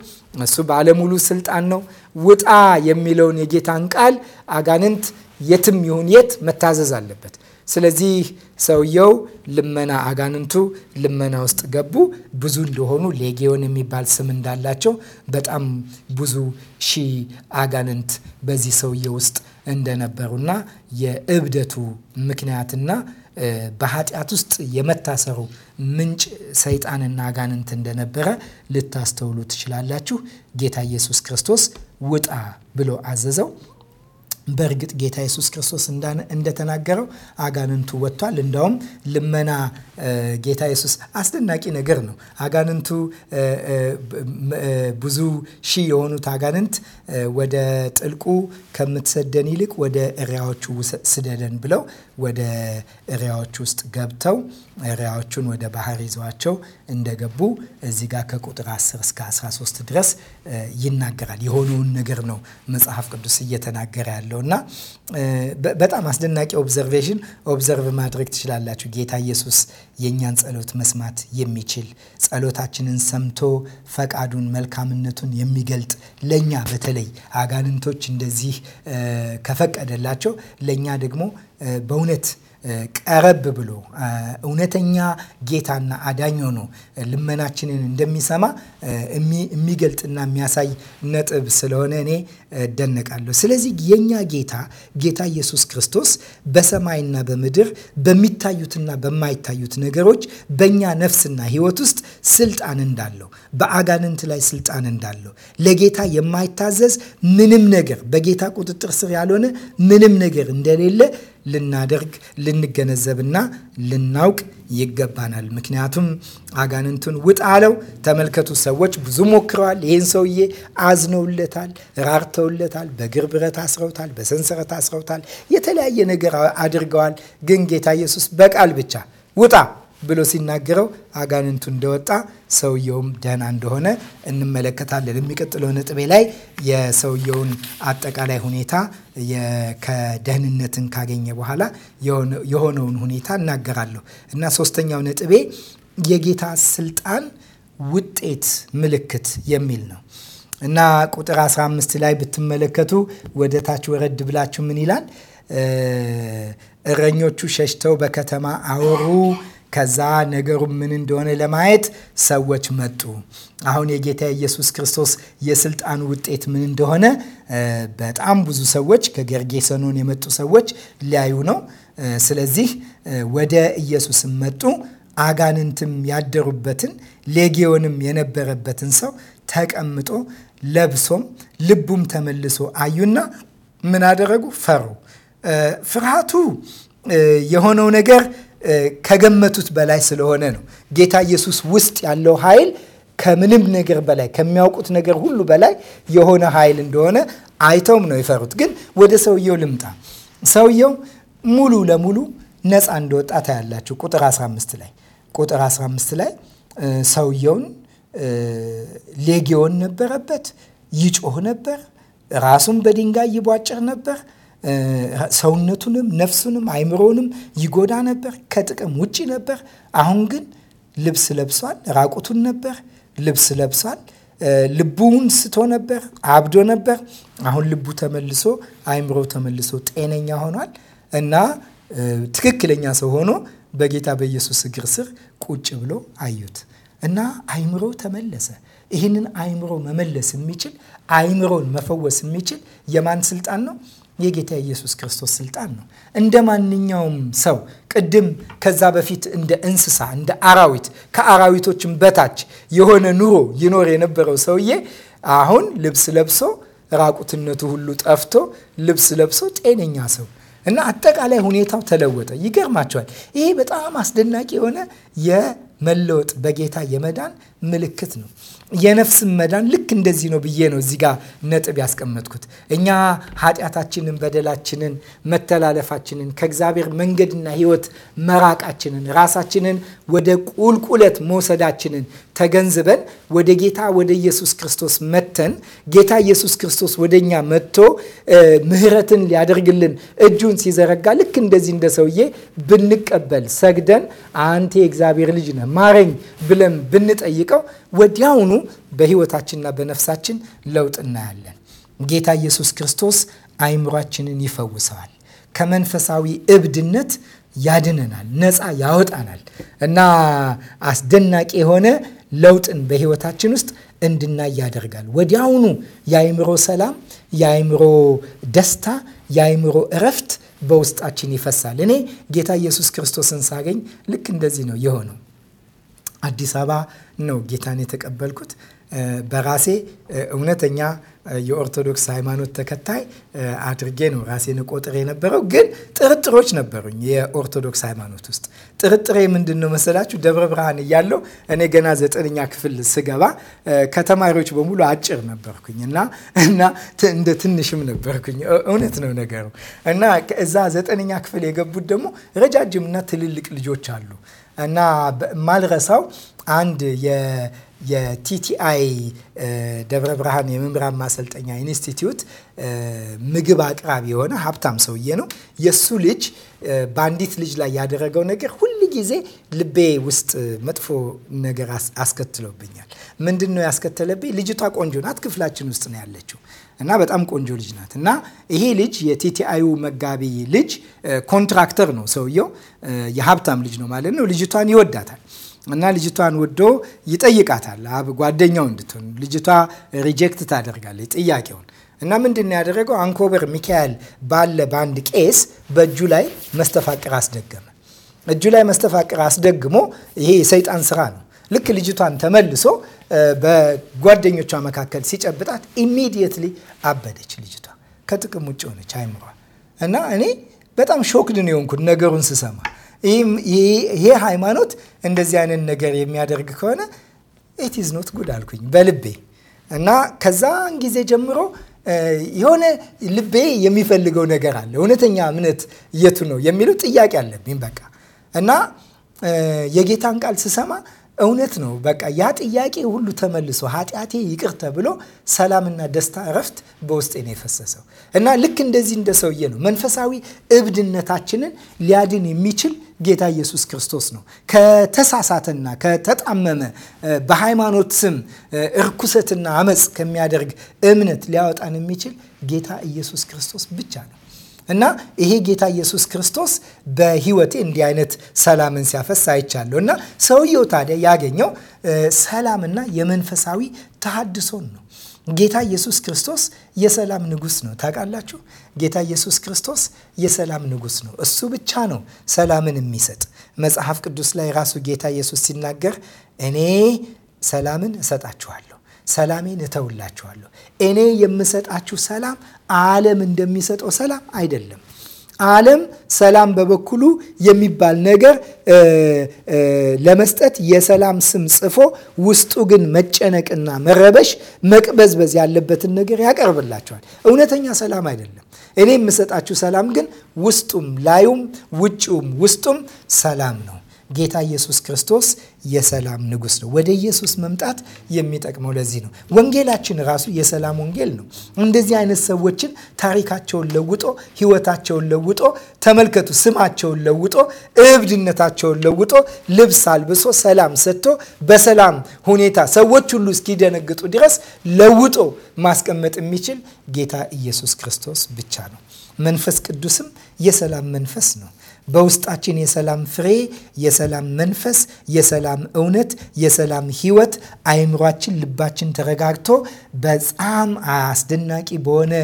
S1: እሱ ባለሙሉ ስልጣን ነው። ውጣ የሚለውን የጌታን ቃል አጋንንት የትም ይሁን የት መታዘዝ አለበት። ስለዚህ ሰውየው ልመና አጋንንቱ ልመና ውስጥ ገቡ። ብዙ እንደሆኑ ሌጌዮን የሚባል ስም እንዳላቸው በጣም ብዙ ሺ አጋንንት በዚህ ሰውየ ውስጥ እንደነበሩና የእብደቱ ምክንያትና በኃጢአት ውስጥ የመታሰሩ ምንጭ ሰይጣንና አጋንንት እንደነበረ ልታስተውሉ ትችላላችሁ። ጌታ ኢየሱስ ክርስቶስ ውጣ ብሎ አዘዘው። በእርግጥ ጌታ ኢየሱስ ክርስቶስ እንደተናገረው አጋንንቱ ወጥቷል። እንዳውም ልመና ጌታ ኢየሱስ አስደናቂ ነገር ነው። አጋንንቱ ብዙ ሺህ የሆኑት አጋንንት ወደ ጥልቁ ከምትሰደን ይልቅ ወደ እሪያዎቹ ስደደን ብለው ወደ እሪያዎች ውስጥ ገብተው እሪያዎቹን ወደ ባህር ይዘዋቸው እንደገቡ እዚህ ጋር ከቁጥር 10 እስከ 13 ድረስ ይናገራል። የሆነውን ነገር ነው መጽሐፍ ቅዱስ እየተናገረ ያለው እና በጣም አስደናቂ ኦብዘርቬሽን ኦብዘርቭ ማድረግ ትችላላችሁ። ጌታ ኢየሱስ የእኛን ጸሎት መስማት የሚችል ጸሎታችንን ሰምቶ ፈቃዱን መልካምነቱን የሚገልጥ ለእኛ በተለ በተለይ አጋንንቶች እንደዚህ ከፈቀደላቸው ለእኛ ደግሞ በእውነት ቀረብ ብሎ እውነተኛ ጌታና አዳኝ ሆኖ ልመናችንን እንደሚሰማ የሚገልጥና የሚያሳይ ነጥብ ስለሆነ እኔ እደነቃለሁ። ስለዚህ የእኛ ጌታ ጌታ ኢየሱስ ክርስቶስ በሰማይና በምድር በሚታዩትና በማይታዩት ነገሮች በእኛ ነፍስና ሕይወት ውስጥ ስልጣን እንዳለው፣ በአጋንንት ላይ ስልጣን እንዳለው ለጌታ የማይታዘዝ ምንም ነገር በጌታ ቁጥጥር ስር ያልሆነ ምንም ነገር እንደሌለ ልናደርግ ልንገነዘብና ልናውቅ ይገባናል። ምክንያቱም አጋንንቱን ውጣ አለው። ተመልከቱ፣ ሰዎች ብዙ ሞክረዋል። ይህን ሰውዬ አዝነውለታል፣ ራርተውለታል፣ በእግር ብረት አስረውታል፣ በሰንሰረት አስረውታል፣ የተለያየ ነገር አድርገዋል። ግን ጌታ ኢየሱስ በቃል ብቻ ውጣ ብሎ ሲናገረው አጋንንቱ እንደወጣ ሰውየውም ደህና እንደሆነ እንመለከታለን። የሚቀጥለው ነጥቤ ላይ የሰውየውን አጠቃላይ ሁኔታ ከደህንነትን ካገኘ በኋላ የሆነውን ሁኔታ እናገራለሁ እና ሶስተኛው ነጥቤ የጌታ ስልጣን ውጤት ምልክት የሚል ነው እና ቁጥር 15 ላይ ብትመለከቱ ወደ ታች ወረድ ብላችሁ ምን ይላል? እረኞቹ ሸሽተው በከተማ አወሩ ከዛ ነገሩ ምን እንደሆነ ለማየት ሰዎች መጡ። አሁን የጌታ ኢየሱስ ክርስቶስ የስልጣን ውጤት ምን እንደሆነ በጣም ብዙ ሰዎች ከጌርጌሰኖን የመጡ ሰዎች ሊያዩ ነው። ስለዚህ ወደ ኢየሱስም መጡ። አጋንንትም ያደሩበትን ሌጊዮንም የነበረበትን ሰው ተቀምጦ ለብሶም ልቡም ተመልሶ አዩና ምን አደረጉ? ፈሩ። ፍርሃቱ የሆነው ነገር ከገመቱት በላይ ስለሆነ ነው። ጌታ ኢየሱስ ውስጥ ያለው ኃይል ከምንም ነገር በላይ ከሚያውቁት ነገር ሁሉ በላይ የሆነ ኃይል እንደሆነ አይተውም ነው የፈሩት። ግን ወደ ሰውየው ልምጣ። ሰውየው ሙሉ ለሙሉ ነፃ እንደወጣ ታያላችሁ። ቁጥር 15 ላይ ቁጥር 15 ላይ ሰውየውን ሌጌዮን ነበረበት፣ ይጮህ ነበር፣ ራሱን በድንጋይ ይቧጭር ነበር፣ ሰውነቱንም ነፍሱንም አይምሮንም ይጎዳ ነበር። ከጥቅም ውጭ ነበር። አሁን ግን ልብስ ለብሷል። ራቁቱን ነበር፣ ልብስ ለብሷል። ልቡን ስቶ ነበር፣ አብዶ ነበር። አሁን ልቡ ተመልሶ አይምሮ ተመልሶ ጤነኛ ሆኗል እና ትክክለኛ ሰው ሆኖ በጌታ በኢየሱስ እግር ስር ቁጭ ብሎ አዩት እና አይምሮ ተመለሰ። ይህንን አይምሮ መመለስ የሚችል አይምሮን መፈወስ የሚችል የማን ስልጣን ነው? የጌታ ኢየሱስ ክርስቶስ ስልጣን ነው። እንደ ማንኛውም ሰው ቅድም ከዛ በፊት እንደ እንስሳ እንደ አራዊት ከአራዊቶችም በታች የሆነ ኑሮ ይኖር የነበረው ሰውዬ አሁን ልብስ ለብሶ ራቁትነቱ ሁሉ ጠፍቶ ልብስ ለብሶ ጤነኛ ሰው እና አጠቃላይ ሁኔታው ተለወጠ። ይገርማቸዋል። ይሄ በጣም አስደናቂ የሆነ የመለወጥ በጌታ የመዳን ምልክት ነው። የነፍስን መዳን ልክ እንደዚህ ነው ብዬ ነው እዚህ ጋር ነጥብ ያስቀመጥኩት። እኛ ኃጢአታችንን፣ በደላችንን፣ መተላለፋችንን ከእግዚአብሔር መንገድና ሕይወት መራቃችንን ራሳችንን ወደ ቁልቁለት መውሰዳችንን ተገንዝበን ወደ ጌታ ወደ ኢየሱስ ክርስቶስ መተን ጌታ ኢየሱስ ክርስቶስ ወደ እኛ መጥቶ ምሕረትን ሊያደርግልን እጁን ሲዘረጋ ልክ እንደዚህ እንደ ሰውዬ ብንቀበል ሰግደን አንተ የእግዚአብሔር ልጅ ነህ ማረኝ ብለን ብንጠይቀው ወዲያውኑ በሕይወታችንና በነፍሳችን ለውጥ እናያለን። ጌታ ኢየሱስ ክርስቶስ አይምሯችንን ይፈውሰዋል። ከመንፈሳዊ እብድነት ያድነናል፣ ነፃ ያወጣናል እና አስደናቂ የሆነ ለውጥን በህይወታችን ውስጥ እንድናይ ያደርጋል። ወዲያውኑ የአእምሮ ሰላም፣ የአእምሮ ደስታ፣ የአእምሮ እረፍት በውስጣችን ይፈሳል። እኔ ጌታ ኢየሱስ ክርስቶስን ሳገኝ ልክ እንደዚህ ነው የሆነው። አዲስ አበባ ነው ጌታን የተቀበልኩት። በራሴ እውነተኛ የኦርቶዶክስ ሃይማኖት ተከታይ አድርጌ ነው ራሴን ቆጥሬ የነበረው። ግን ጥርጥሮች ነበሩኝ የኦርቶዶክስ ሃይማኖት ውስጥ ጥርጥሬ ምንድን ነው መሰላችሁ? ደብረ ብርሃን እያለው እኔ ገና ዘጠነኛ ክፍል ስገባ ከተማሪዎች በሙሉ አጭር ነበርኩኝ እና እና እንደ ትንሽም ነበርኩኝ እውነት ነው ነገሩ እና እዛ ዘጠነኛ ክፍል የገቡት ደግሞ ረጃጅምና ትልልቅ ልጆች አሉ እና ማልረሳው አንድ የቲቲአይ ደብረ ብርሃን የመምህራን ማሰልጠኛ ኢንስቲትዩት ምግብ አቅራቢ የሆነ ሀብታም ሰውዬ ነው። የእሱ ልጅ በአንዲት ልጅ ላይ ያደረገው ነገር ሁል ጊዜ ልቤ ውስጥ መጥፎ ነገር አስከትሎብኛል። ምንድን ነው ያስከተለብኝ? ልጅቷ ቆንጆ ናት። ክፍላችን ውስጥ ነው ያለችው እና በጣም ቆንጆ ልጅ ናት። እና ይሄ ልጅ የቲቲአዩ መጋቢ ልጅ ኮንትራክተር ነው ሰውየው፣ የሀብታም ልጅ ነው ማለት ነው። ልጅቷን ይወዳታል እና ልጅቷን ወዶ ይጠይቃታል። አብ ጓደኛው እንድትሆን ልጅቷ ሪጀክት ታደርጋለች ጥያቄውን። እና ምንድን ነው ያደረገው? አንኮበር ሚካኤል ባለ በአንድ ቄስ በእጁ ላይ መስተፋቅር አስደገመ። እጁ ላይ መስተፋቅር አስደግሞ ይሄ የሰይጣን ስራ ነው። ልክ ልጅቷን ተመልሶ በጓደኞቿ መካከል ሲጨብጣት ኢሚዲየትሊ አበደች። ልጅቷ ከጥቅም ውጭ ሆነች አይምሯ። እና እኔ በጣም ሾክድ ነው የሆንኩት ነገሩን ስሰማ ይሄ ሃይማኖት እንደዚህ አይነት ነገር የሚያደርግ ከሆነ ኢት ኢዝ ኖት ጉድ አልኩኝ በልቤ እና ከዛን ጊዜ ጀምሮ የሆነ ልቤ የሚፈልገው ነገር አለ። እውነተኛ እምነት የቱ ነው የሚለው ጥያቄ አለብኝ በቃ እና የጌታን ቃል ስሰማ እውነት ነው። በቃ ያ ጥያቄ ሁሉ ተመልሶ ኃጢአቴ ይቅር ተብሎ ሰላምና ደስታ፣ እረፍት በውስጤ ነው የፈሰሰው እና ልክ እንደዚህ እንደ ሰውዬ ነው መንፈሳዊ እብድነታችንን ሊያድን የሚችል ጌታ ኢየሱስ ክርስቶስ ነው። ከተሳሳተና ከተጣመመ በሃይማኖት ስም እርኩሰትና አመፅ ከሚያደርግ እምነት ሊያወጣን የሚችል ጌታ ኢየሱስ ክርስቶስ ብቻ ነው። እና ይሄ ጌታ ኢየሱስ ክርስቶስ በህይወቴ እንዲህ አይነት ሰላምን ሲያፈስ አይቻለሁ። እና ሰውየው ታዲያ ያገኘው ሰላምና የመንፈሳዊ ተሃድሶን ነው። ጌታ ኢየሱስ ክርስቶስ የሰላም ንጉስ ነው። ታውቃላችሁ፣ ጌታ ኢየሱስ ክርስቶስ የሰላም ንጉስ ነው። እሱ ብቻ ነው ሰላምን የሚሰጥ። መጽሐፍ ቅዱስ ላይ ራሱ ጌታ ኢየሱስ ሲናገር እኔ ሰላምን እሰጣችኋለሁ ሰላሜን እተውላችኋለሁ። እኔ የምሰጣችሁ ሰላም ዓለም እንደሚሰጠው ሰላም አይደለም። ዓለም ሰላም በበኩሉ የሚባል ነገር ለመስጠት የሰላም ስም ጽፎ ውስጡ ግን መጨነቅና መረበሽ፣ መቅበዝበዝ ያለበትን ነገር ያቀርብላቸዋል። እውነተኛ ሰላም አይደለም። እኔ የምሰጣችሁ ሰላም ግን ውስጡም ላዩም ውጭውም ውስጡም ሰላም ነው። ጌታ ኢየሱስ ክርስቶስ የሰላም ንጉስ ነው። ወደ ኢየሱስ መምጣት የሚጠቅመው ለዚህ ነው። ወንጌላችን ራሱ የሰላም ወንጌል ነው። እንደዚህ አይነት ሰዎችን ታሪካቸውን ለውጦ፣ ህይወታቸውን ለውጦ፣ ተመልከቱ፣ ስማቸውን ለውጦ፣ እብድነታቸውን ለውጦ፣ ልብስ አልብሶ ሰላም ሰጥቶ በሰላም ሁኔታ ሰዎች ሁሉ እስኪደነግጡ ድረስ ለውጦ ማስቀመጥ የሚችል ጌታ ኢየሱስ ክርስቶስ ብቻ ነው። መንፈስ ቅዱስም የሰላም መንፈስ ነው። በውስጣችን የሰላም ፍሬ፣ የሰላም መንፈስ፣ የሰላም እውነት፣ የሰላም ህይወት አይምሯችን፣ ልባችን ተረጋግቶ በጣም አስደናቂ በሆነ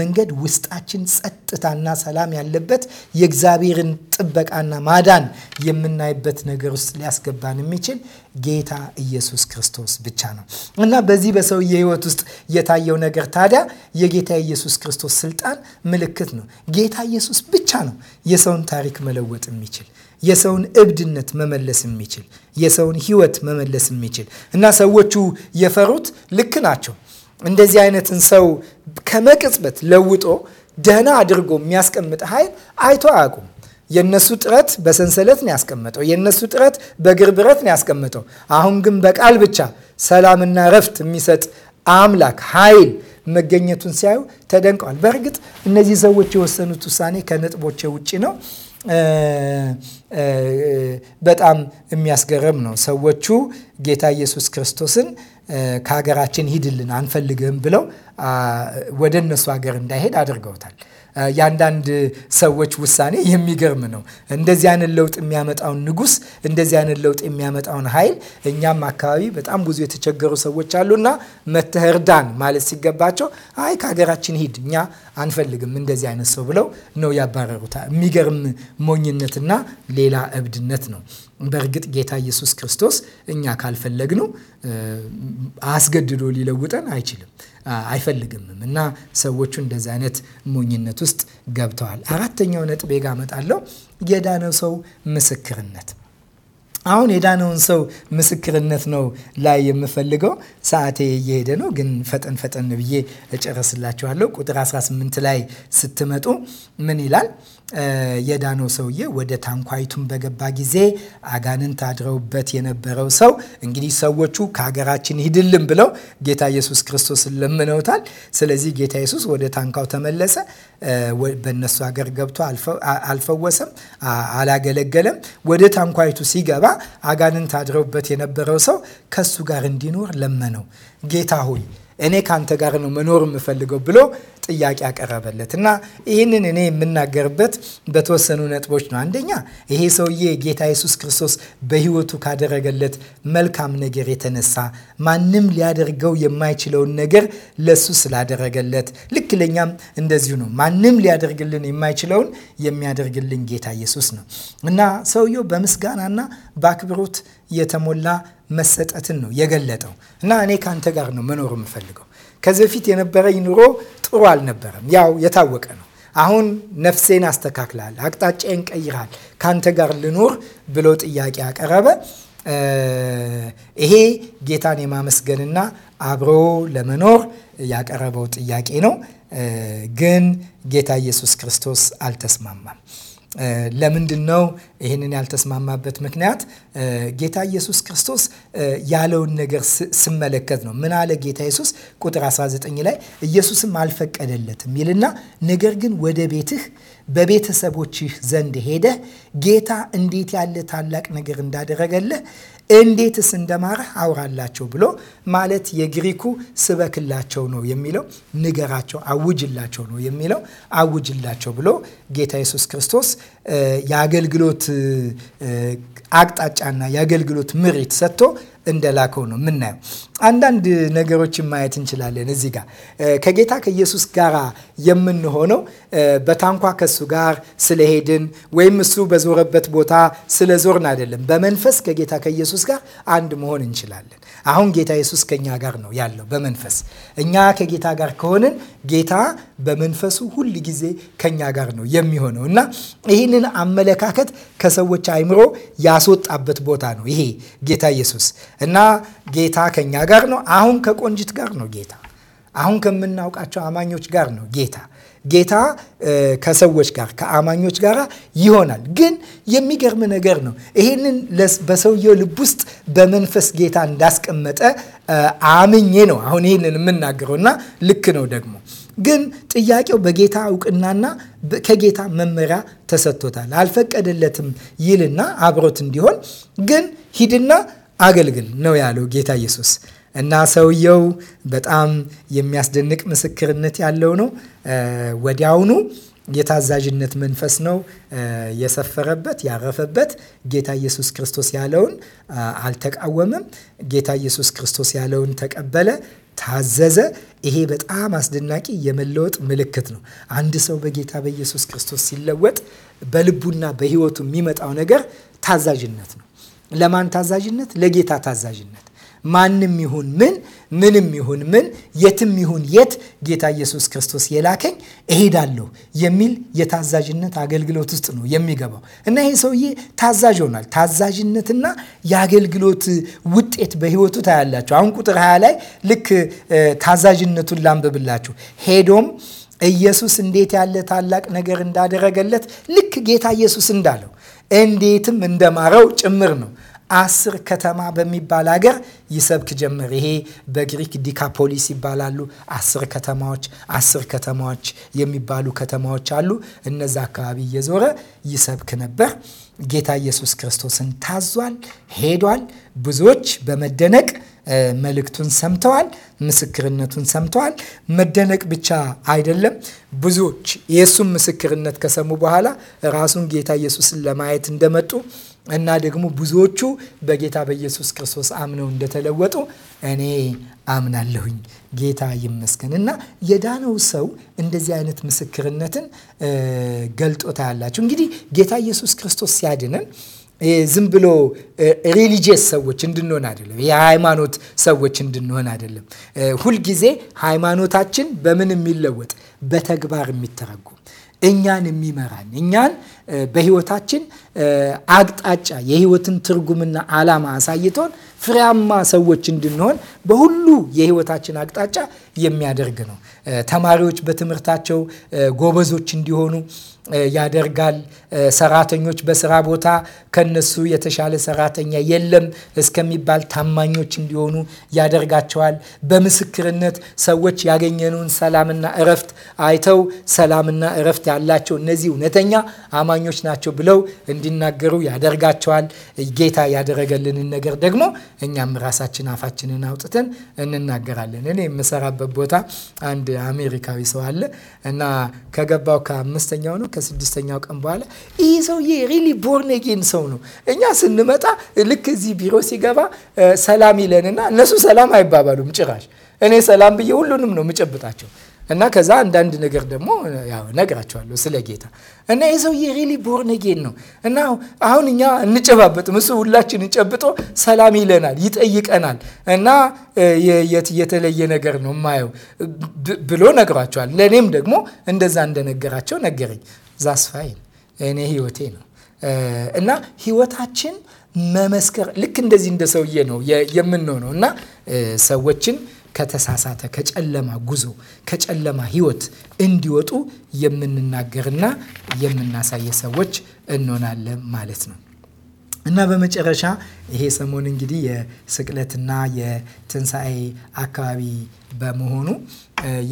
S1: መንገድ ውስጣችን ጸጥታና ሰላም ያለበት የእግዚአብሔርን ጥበቃና ማዳን የምናይበት ነገር ውስጥ ሊያስገባን የሚችል ጌታ ኢየሱስ ክርስቶስ ብቻ ነው እና በዚህ በሰውዬ ህይወት ውስጥ የታየው ነገር ታዲያ የጌታ ኢየሱስ ክርስቶስ ስልጣን ምልክት ነው። ጌታ ኢየሱስ ብቻ ነው የሰውን ታሪክ መለወጥ የሚችል የሰውን እብድነት መመለስ የሚችል የሰውን ህይወት መመለስ የሚችል እና ሰዎቹ የፈሩት ልክ ናቸው። እንደዚህ አይነትን ሰው ከመቅጽበት ለውጦ ደህና አድርጎ የሚያስቀምጥ ኃይል አይቶ አያውቁም። የነሱ ጥረት በሰንሰለት ነው ያስቀመጠው። የነሱ ጥረት በእግር ብረት ነው ያስቀመጠው። አሁን ግን በቃል ብቻ ሰላምና ረፍት የሚሰጥ አምላክ ኃይል መገኘቱን ሲያዩ ተደንቀዋል። በእርግጥ እነዚህ ሰዎች የወሰኑት ውሳኔ ከነጥቦቼ ውጭ ነው። በጣም የሚያስገርም ነው። ሰዎቹ ጌታ ኢየሱስ ክርስቶስን ከሀገራችን ሂድልን አንፈልግም ብለው ወደ እነሱ ሀገር እንዳይሄድ አድርገውታል። የአንዳንድ ሰዎች ውሳኔ የሚገርም ነው። እንደዚህ አይነት ለውጥ የሚያመጣውን ንጉስ፣ እንደዚህ አይነት ለውጥ የሚያመጣውን ኃይል እኛም አካባቢ በጣም ብዙ የተቸገሩ ሰዎች አሉና መተህ እርዳን ማለት ሲገባቸው አይ ከሀገራችን ሂድ እኛ አንፈልግም እንደዚህ አይነት ሰው ብለው ነው ያባረሩታ። የሚገርም ሞኝነትና ሌላ እብድነት ነው። በእርግጥ ጌታ ኢየሱስ ክርስቶስ እኛ ካልፈለግነው አስገድዶ ሊለውጠን አይችልም። አይፈልግም እና ሰዎቹ እንደዚህ አይነት ሞኝነት ውስጥ ገብተዋል። አራተኛው ነጥቤ ጋር እመጣለሁ። የዳነው ሰው ምስክርነት አሁን የዳነውን ሰው ምስክርነት ነው ላይ የምፈልገው። ሰዓቴ እየሄደ ነው፣ ግን ፈጠን ፈጠን ብዬ እጨርስላችኋለሁ። ቁጥር 18 ላይ ስትመጡ ምን ይላል? የዳነው ሰውዬ ወደ ታንኳይቱን በገባ ጊዜ አጋንንት አድረውበት የነበረው ሰው እንግዲህ ሰዎቹ ከሀገራችን ሂድልን ብለው ጌታ ኢየሱስ ክርስቶስን ለምነውታል። ስለዚህ ጌታ ኢየሱስ ወደ ታንኳው ተመለሰ። በእነሱ ሀገር ገብቶ አልፈወሰም፣ አላገለገለም። ወደ ታንኳይቱ ሲገባ አጋንንት አድረውበት የነበረው ሰው ከሱ ጋር እንዲኖር ለመነው። ጌታ ሆይ እኔ ከአንተ ጋር ነው መኖር የምፈልገው ብሎ ጥያቄ አቀረበለት እና ይህንን እኔ የምናገርበት በተወሰኑ ነጥቦች ነው። አንደኛ ይሄ ሰውዬ ጌታ ኢየሱስ ክርስቶስ በሕይወቱ ካደረገለት መልካም ነገር የተነሳ ማንም ሊያደርገው የማይችለውን ነገር ለሱ ስላደረገለት፣ ልክ ለእኛም እንደዚሁ ነው። ማንም ሊያደርግልን የማይችለውን የሚያደርግልን ጌታ ኢየሱስ ነው እና ሰውየው በምስጋናና በአክብሮት የተሞላ መሰጠትን ነው የገለጠው እና እኔ ከአንተ ጋር ነው መኖር የምፈልገው ከዚህ በፊት የነበረኝ ኑሮ ጥሩ አልነበረም። ያው የታወቀ ነው። አሁን ነፍሴን አስተካክላል፣ አቅጣጫዬን ቀይራል፣ ካንተ ጋር ልኖር ብሎ ጥያቄ አቀረበ። ይሄ ጌታን የማመስገንና አብሮ ለመኖር ያቀረበው ጥያቄ ነው። ግን ጌታ ኢየሱስ ክርስቶስ አልተስማማም። ለምንድን ነው ይህንን ያልተስማማበት ምክንያት? ጌታ ኢየሱስ ክርስቶስ ያለውን ነገር ስመለከት ነው። ምን አለ ጌታ ኢየሱስ ቁጥር 19 ላይ ኢየሱስም አልፈቀደለትም ይልና ነገር ግን ወደ ቤትህ በቤተሰቦችህ ዘንድ ሄደህ ጌታ እንዴት ያለ ታላቅ ነገር እንዳደረገልህ እንዴትስ እንደማረህ አውራላቸው ብሎ ማለት የግሪኩ ስበክላቸው ነው የሚለው ንገራቸው፣ አውጅላቸው ነው የሚለው አውጅላቸው ብሎ ጌታ ኢየሱስ ክርስቶስ የአገልግሎት አቅጣጫና የአገልግሎት ምሪት ሰጥቶ እንደላከው ነው የምናየው። አንዳንድ ነገሮችን ማየት እንችላለን። እዚህ ጋር ከጌታ ከኢየሱስ ጋር የምንሆነው በታንኳ ከሱ ጋር ስለሄድን ወይም እሱ በዞረበት ቦታ ስለዞርን አይደለም። በመንፈስ ከጌታ ከኢየሱስ ጋር አንድ መሆን እንችላለን። አሁን ጌታ ኢየሱስ ከኛ ጋር ነው ያለው በመንፈስ እኛ ከጌታ ጋር ከሆንን ጌታ በመንፈሱ ሁል ጊዜ ከኛ ጋር ነው የሚሆነው እና ይህንን አመለካከት ከሰዎች አይምሮ ያስወጣበት ቦታ ነው ይሄ ጌታ ኢየሱስ እና ጌታ ከኛ ጋር ነው። አሁን ከቆንጅት ጋር ነው ጌታ። አሁን ከምናውቃቸው አማኞች ጋር ነው ጌታ። ጌታ ከሰዎች ጋር ከአማኞች ጋር ይሆናል። ግን የሚገርም ነገር ነው። ይሄንን በሰውየው ልብ ውስጥ በመንፈስ ጌታ እንዳስቀመጠ አምኜ ነው አሁን ይህንን የምናገረው እና ልክ ነው ደግሞ ግን ጥያቄው በጌታ እውቅናና ከጌታ መመሪያ ተሰጥቶታል። አልፈቀደለትም ይልና አብሮት እንዲሆን ግን ሂድና አገልግል ነው ያለው ጌታ ኢየሱስ። እና ሰውየው በጣም የሚያስደንቅ ምስክርነት ያለው ነው። ወዲያውኑ የታዛዥነት መንፈስ ነው የሰፈረበት ያረፈበት። ጌታ ኢየሱስ ክርስቶስ ያለውን አልተቃወመም። ጌታ ኢየሱስ ክርስቶስ ያለውን ተቀበለ፣ ታዘዘ። ይሄ በጣም አስደናቂ የመለወጥ ምልክት ነው። አንድ ሰው በጌታ በኢየሱስ ክርስቶስ ሲለወጥ በልቡና በሕይወቱ የሚመጣው ነገር ታዛዥነት ነው። ለማን ታዛዥነት? ለጌታ ታዛዥነት። ማንም ይሁን ምን፣ ምንም ይሁን ምን፣ የትም ይሁን የት ጌታ ኢየሱስ ክርስቶስ የላከኝ እሄዳለሁ የሚል የታዛዥነት አገልግሎት ውስጥ ነው የሚገባው እና ይሄ ሰውዬ ታዛዥ ሆናል። ታዛዥነትና የአገልግሎት ውጤት በህይወቱ ታያላችሁ። አሁን ቁጥር 20 ላይ ልክ ታዛዥነቱን ላንብብላችሁ። ሄዶም ኢየሱስ እንዴት ያለ ታላቅ ነገር እንዳደረገለት ልክ ጌታ ኢየሱስ እንዳለው እንዴትም እንደማረው ጭምር ነው። አስር ከተማ በሚባል ሀገር ይሰብክ ጀመር። ይሄ በግሪክ ዲካፖሊስ ይባላሉ። አስር ከተማዎች አስር ከተማዎች የሚባሉ ከተማዎች አሉ። እነዛ አካባቢ እየዞረ ይሰብክ ነበር። ጌታ ኢየሱስ ክርስቶስን ታዟል፣ ሄዷል። ብዙዎች በመደነቅ መልእክቱን ሰምተዋል፣ ምስክርነቱን ሰምተዋል። መደነቅ ብቻ አይደለም፣ ብዙዎች የእሱን ምስክርነት ከሰሙ በኋላ ራሱን ጌታ ኢየሱስን ለማየት እንደመጡ እና ደግሞ ብዙዎቹ በጌታ በኢየሱስ ክርስቶስ አምነው እንደተለወጡ እኔ አምናለሁኝ። ጌታ ይመስገን። እና የዳነው ሰው እንደዚህ አይነት ምስክርነትን ገልጦታ ያላቸው እንግዲህ ጌታ ኢየሱስ ክርስቶስ ሲያድነን ዝም ብሎ ሪሊጂየስ ሰዎች እንድንሆን አይደለም። የሃይማኖት ሰዎች እንድንሆን አይደለም። ሁልጊዜ ሃይማኖታችን በምን የሚለወጥ በተግባር የሚተረጉም እኛን የሚመራን እኛን በህይወታችን አቅጣጫ የህይወትን ትርጉምና ዓላማ አሳይቶን ፍሬያማ ሰዎች እንድንሆን በሁሉ የህይወታችን አቅጣጫ የሚያደርግ ነው። ተማሪዎች በትምህርታቸው ጎበዞች እንዲሆኑ ያደርጋል። ሰራተኞች በስራ ቦታ ከነሱ የተሻለ ሰራተኛ የለም እስከሚባል ታማኞች እንዲሆኑ ያደርጋቸዋል። በምስክርነት ሰዎች ያገኘነውን ሰላምና እረፍት አይተው ሰላምና እረፍት ያላቸው እነዚህ እውነተኛ አማኞች ናቸው ብለው እንዲናገሩ ያደርጋቸዋል። ጌታ ያደረገልንን ነገር ደግሞ እኛም ራሳችን አፋችንን አውጥተን እንናገራለን። እኔ የምሰራበት ቦታ አንድ አሜሪካዊ ሰው አለ እና ከገባው ከአምስተኛው ነው ከስድስተኛው ቀን በኋላ ይህ ሰውዬ ሪሊ ቦርኔጌን ሰው ነው። እኛ ስንመጣ ልክ እዚህ ቢሮ ሲገባ ሰላም ይለንና እነሱ ሰላም አይባባሉም ጭራሽ። እኔ ሰላም ብዬ ሁሉንም ነው የምጨብጣቸው እና ከዛ አንዳንድ ነገር ደግሞ ነግራቸዋለሁ ስለ ጌታ እና ይህ ሰውዬ ሪሊ ቦርኔጌን ነው እና አሁን እኛ እንጨባበጥ ምስ ሁላችን ጨብጦ ሰላም ይለናል፣ ይጠይቀናል እና የተለየ ነገር ነው ማየው ብሎ ነግሯቸዋል። ለእኔም ደግሞ እንደዛ እንደነገራቸው ነገረኝ። ዛስፋይን እኔ ህይወቴ ነው እና ህይወታችን መመስከር ልክ እንደዚህ እንደ ሰውዬ ነው የምንሆነው እና ሰዎችን ከተሳሳተ ከጨለማ ጉዞ ከጨለማ ህይወት እንዲወጡ የምንናገርና የምናሳየ ሰዎች እንሆናለን ማለት ነው። እና በመጨረሻ ይሄ ሰሞን እንግዲህ የስቅለትና የትንሣኤ አካባቢ በመሆኑ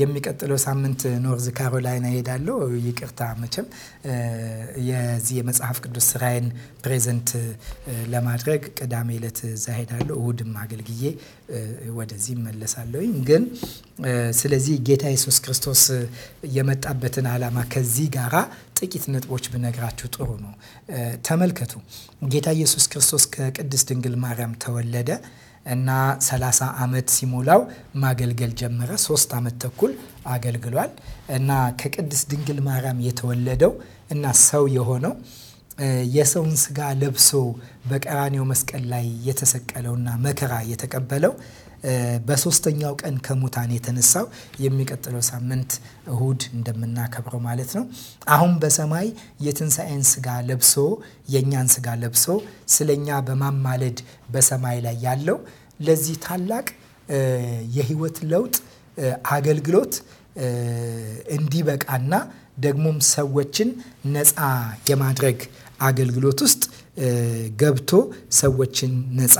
S1: የሚቀጥለው ሳምንት ኖርዝ ካሮላይና እሄዳለሁ። ይቅርታ መቼም የዚህ የመጽሐፍ ቅዱስ ስራዬን ፕሬዘንት ለማድረግ ቅዳሜ ዕለት እዛ ሄዳለሁ። እሁድም አገልግዬ ወደዚህ መለሳለሁኝ። ግን ስለዚህ ጌታ ኢየሱስ ክርስቶስ የመጣበትን ዓላማ ከዚህ ጋራ ጥቂት ነጥቦች ብነግራችሁ ጥሩ ነው። ተመልከቱ፣ ጌታ ኢየሱስ ክርስቶስ ከቅድስት ድንግል ማርያም ተወለደ። እና 30 ዓመት ሲሞላው ማገልገል ጀመረ። ሶስት ዓመት ተኩል አገልግሏል እና ከቅድስት ድንግል ማርያም የተወለደው እና ሰው የሆነው የሰውን ስጋ ለብሶ በቀራኔው መስቀል ላይ የተሰቀለውና መከራ የተቀበለው በሶስተኛው ቀን ከሙታን የተነሳው የሚቀጥለው ሳምንት እሁድ እንደምናከብረው ማለት ነው። አሁን በሰማይ የትንሣኤን ስጋ ለብሶ የእኛን ስጋ ለብሶ ስለኛ በማማለድ በሰማይ ላይ ያለው ለዚህ ታላቅ የህይወት ለውጥ አገልግሎት እንዲበቃና ደግሞም ሰዎችን ነፃ የማድረግ አገልግሎት ውስጥ ገብቶ ሰዎችን ነፃ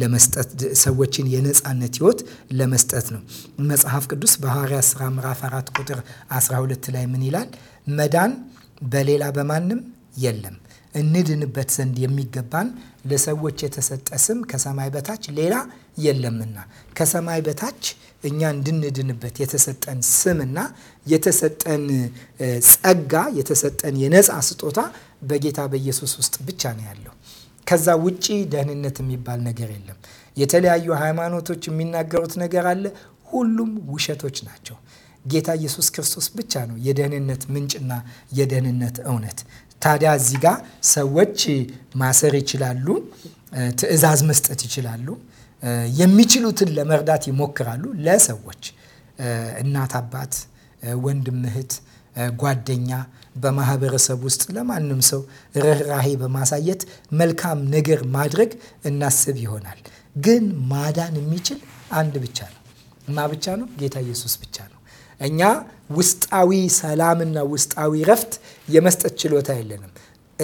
S1: ለመስጠት ሰዎችን የነፃነት ህይወት ለመስጠት ነው። መጽሐፍ ቅዱስ በሐዋርያ ስራ ምዕራፍ 4 ቁጥር 12 ላይ ምን ይላል? መዳን በሌላ በማንም የለም እንድንበት ዘንድ የሚገባን ለሰዎች የተሰጠ ስም ከሰማይ በታች ሌላ የለምና ከሰማይ በታች እኛ እንድንድንበት የተሰጠን ስምና የተሰጠን ጸጋ የተሰጠን የነፃ ስጦታ በጌታ በኢየሱስ ውስጥ ብቻ ነው ያለው። ከዛ ውጪ ደህንነት የሚባል ነገር የለም። የተለያዩ ሃይማኖቶች የሚናገሩት ነገር አለ። ሁሉም ውሸቶች ናቸው። ጌታ ኢየሱስ ክርስቶስ ብቻ ነው የደህንነት ምንጭና የደህንነት እውነት። ታዲያ እዚህ ጋ ሰዎች ማሰር ይችላሉ፣ ትዕዛዝ መስጠት ይችላሉ፣ የሚችሉትን ለመርዳት ይሞክራሉ። ለሰዎች እናት፣ አባት፣ ወንድም፣ እህት ጓደኛ፣ በማህበረሰብ ውስጥ ለማንም ሰው ርኅራሄ በማሳየት መልካም ነገር ማድረግ እናስብ ይሆናል። ግን ማዳን የሚችል አንድ ብቻ ነው። እና ብቻ ነው? ጌታ ኢየሱስ ብቻ ነው። እኛ ውስጣዊ ሰላምና ውስጣዊ ረፍት የመስጠት ችሎታ የለንም።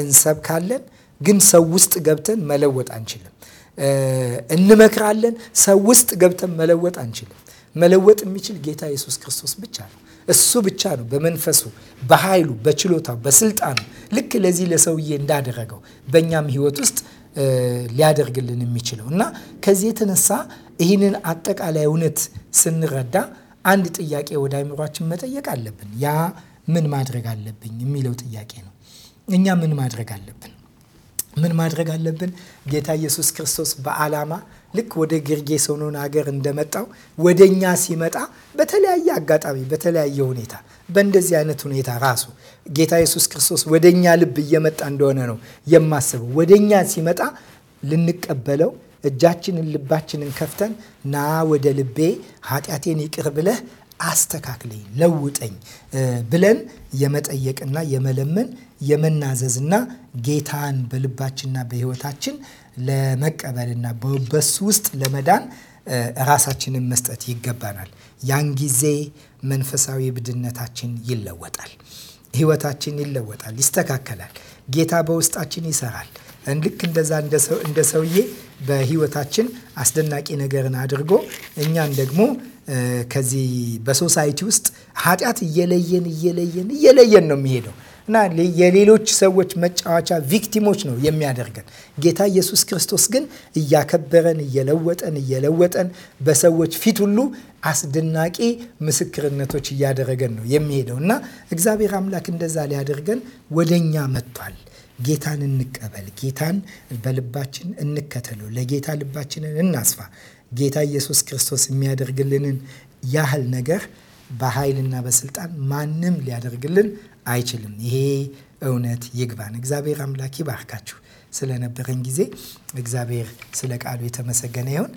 S1: እንሰብካለን፣ ግን ሰው ውስጥ ገብተን መለወጥ አንችልም። እንመክራለን፣ ሰው ውስጥ ገብተን መለወጥ አንችልም። መለወጥ የሚችል ጌታ ኢየሱስ ክርስቶስ ብቻ ነው። እሱ ብቻ ነው በመንፈሱ በኃይሉ በችሎታው በስልጣኑ ልክ ለዚህ ለሰውዬ እንዳደረገው በእኛም ህይወት ውስጥ ሊያደርግልን የሚችለው እና ከዚህ የተነሳ ይህንን አጠቃላይ እውነት ስንረዳ አንድ ጥያቄ ወደ አይምሯችን መጠየቅ አለብን። ያ ምን ማድረግ አለብኝ የሚለው ጥያቄ ነው። እኛ ምን ማድረግ አለብን? ምን ማድረግ አለብን? ጌታ ኢየሱስ ክርስቶስ በዓላማ ልክ ወደ ጌርጌሶኖን ሀገር እንደመጣው ወደ እኛ ሲመጣ በተለያየ አጋጣሚ በተለያየ ሁኔታ በእንደዚህ አይነት ሁኔታ ራሱ ጌታ ኢየሱስ ክርስቶስ ወደ እኛ ልብ እየመጣ እንደሆነ ነው የማስበው። ወደ እኛ ሲመጣ ልንቀበለው እጃችንን ልባችንን ከፍተን ና ወደ ልቤ ኃጢአቴን ይቅር ብለህ አስተካክለኝ፣ ለውጠኝ ብለን የመጠየቅና የመለመን የመናዘዝና ጌታን በልባችንና በሕይወታችን ለመቀበልና በሱ ውስጥ ለመዳን ራሳችንን መስጠት ይገባናል። ያን ጊዜ መንፈሳዊ ብድነታችን ይለወጣል፣ ሕይወታችን ይለወጣል፣ ይስተካከላል። ጌታ በውስጣችን ይሰራል። ልክ እንደዛ እንደ ሰውዬ በሕይወታችን አስደናቂ ነገርን አድርጎ እኛን ደግሞ ከዚህ በሶሳይቲ ውስጥ ኃጢአት እየለየን እየለየን እየለየን ነው የሚሄደው እና የሌሎች ሰዎች መጫወቻ ቪክቲሞች ነው የሚያደርገን። ጌታ ኢየሱስ ክርስቶስ ግን እያከበረን እየለወጠን እየለወጠን በሰዎች ፊት ሁሉ አስደናቂ ምስክርነቶች እያደረገን ነው የሚሄደው እና እግዚአብሔር አምላክ እንደዛ ሊያደርገን ወደኛ መጥቷል። ጌታን እንቀበል። ጌታን በልባችን እንከተለው። ለጌታ ልባችንን እናስፋ። ጌታ ኢየሱስ ክርስቶስ የሚያደርግልንን ያህል ነገር በኃይልና በስልጣን ማንም ሊያደርግልን አይችልም። ይሄ እውነት ይግባን። እግዚአብሔር አምላክ ይባርካችሁ። ስለነበረን ጊዜ እግዚአብሔር ስለ ቃሉ የተመሰገነ ይሁን።